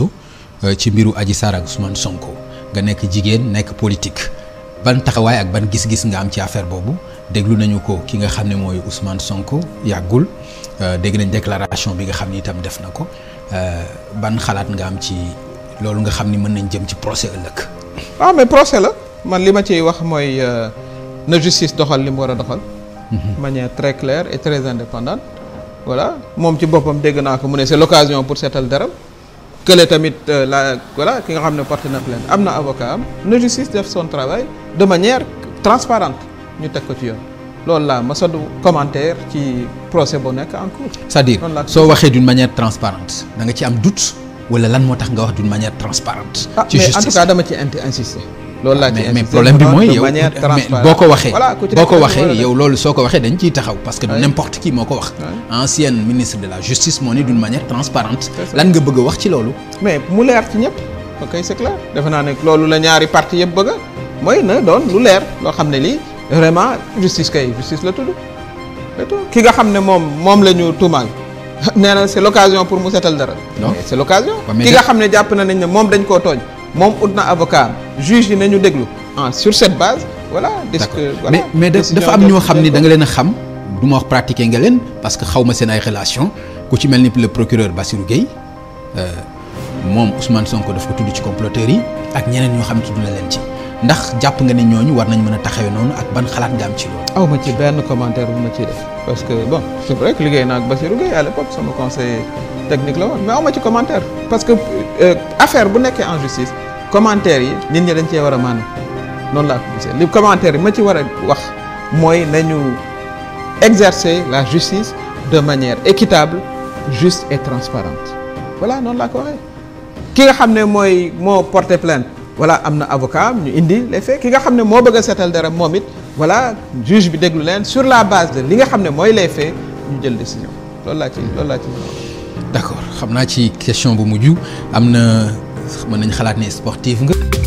Euh, ci mbiru aji Sarr ak Ousmane Sonko nga nekk jigéen nekk politique ban taxawaay ak ban gis-gis nga am ci affaire boobu déglu nañu ko ki nga xam ne mooy Ousmane Sonko yàggul euh, dégg nañ déclaration bi nga xam ni itam def na ko euh, ban xalaat nga am ci loolu nga xam ni mën nañ jëm ci procès ëllëg. waaw ah, mais procès la man li ma ciy wax mooy na justice doxal li mu war a doxal. Mhm. manière très claire et très indépendante. voilà moom ci boppam dégg naa ko mu ne c'est l'occasion pour seetal dara. kële tamit euh, la voilà ki nga xam ne porte na plainte am na avocat am na justice def son travail de manière transparente ñu teg ko ci yoon loolu laa ma sadu commentaire ci procès bu nekk en cours. cest soo waxee d'une manière transparente da nga ci am doute wala lan moo tax nga wax d'une manière transparente. Ah, ci justice ah mais en tout cas dama ci insister. loolu laa ah, ci mais problème bi mooy yow boo ko waxee boo ko waxee yow loolu soo ko waxee dañ ciy taxaw parce que n'importe qui moo ko wax ancienne ministre de la justice moo ni d'une manière transparente lan nga bëgg wax ci loolu mais mu leer ci ñëpp ok c'est defe naa ne loolu la ñaari parti yëpp bëgg mooy na doon lu leer loo xam ne lii vraiment justice kay justice la tudd ki nga xam ne moom moom la ñu tuumaal nee na c'est l'occasion pour mu setal dara c'est l'occasion ki nga xam ne jàpp na nañ ne moom dañ koo tooñ moom ut na avocat juge yi nañu déglu ah sur cette base voilà. voilà mais mais dafa am ñoo xam ni da nga leen a xam du ma wax pratiquer nga leen parce que xaw ma seen ay relation ku ci mel ni le procureur Bassirou Gueye euh, moom Ousmane Sonko daf ko tudd ci comploteurs yi ak ñeneen ñoo xam ne tudd na leen ci. ndax jàpp nga ne ñooñu war nañ mën a taxawee noonu ak ban xalaat nga am ci loolu. aw ci benn commentaire bu ma ciy def parce que bon c'est vrai que liggéey naa ak Bassirou à l'époque technique la woon mais aw ma ci commentaire parce que euh, affaire bu nekkee en justice commentaire yi nit ñi dañ cee war a maanu noonu laa ko gisee li commentaire yi ma ci war a wax mooy nañu exercer la justice de manière équitable juste et transparente voilà noonu laa ko waxee ki nga xam ne mooy moo porté plainte voilà am na avocat ñu indi les faits ki nga xam ne moo bëgg setal seetal dara moom it voilà juge bi déglu leen sur la base de li nga xam ne mooy les faits ñu jël décision loolu laa ci laa ci d' accord xam naa ci question bu mujj am na mën nañ xalaat ne sportive nga.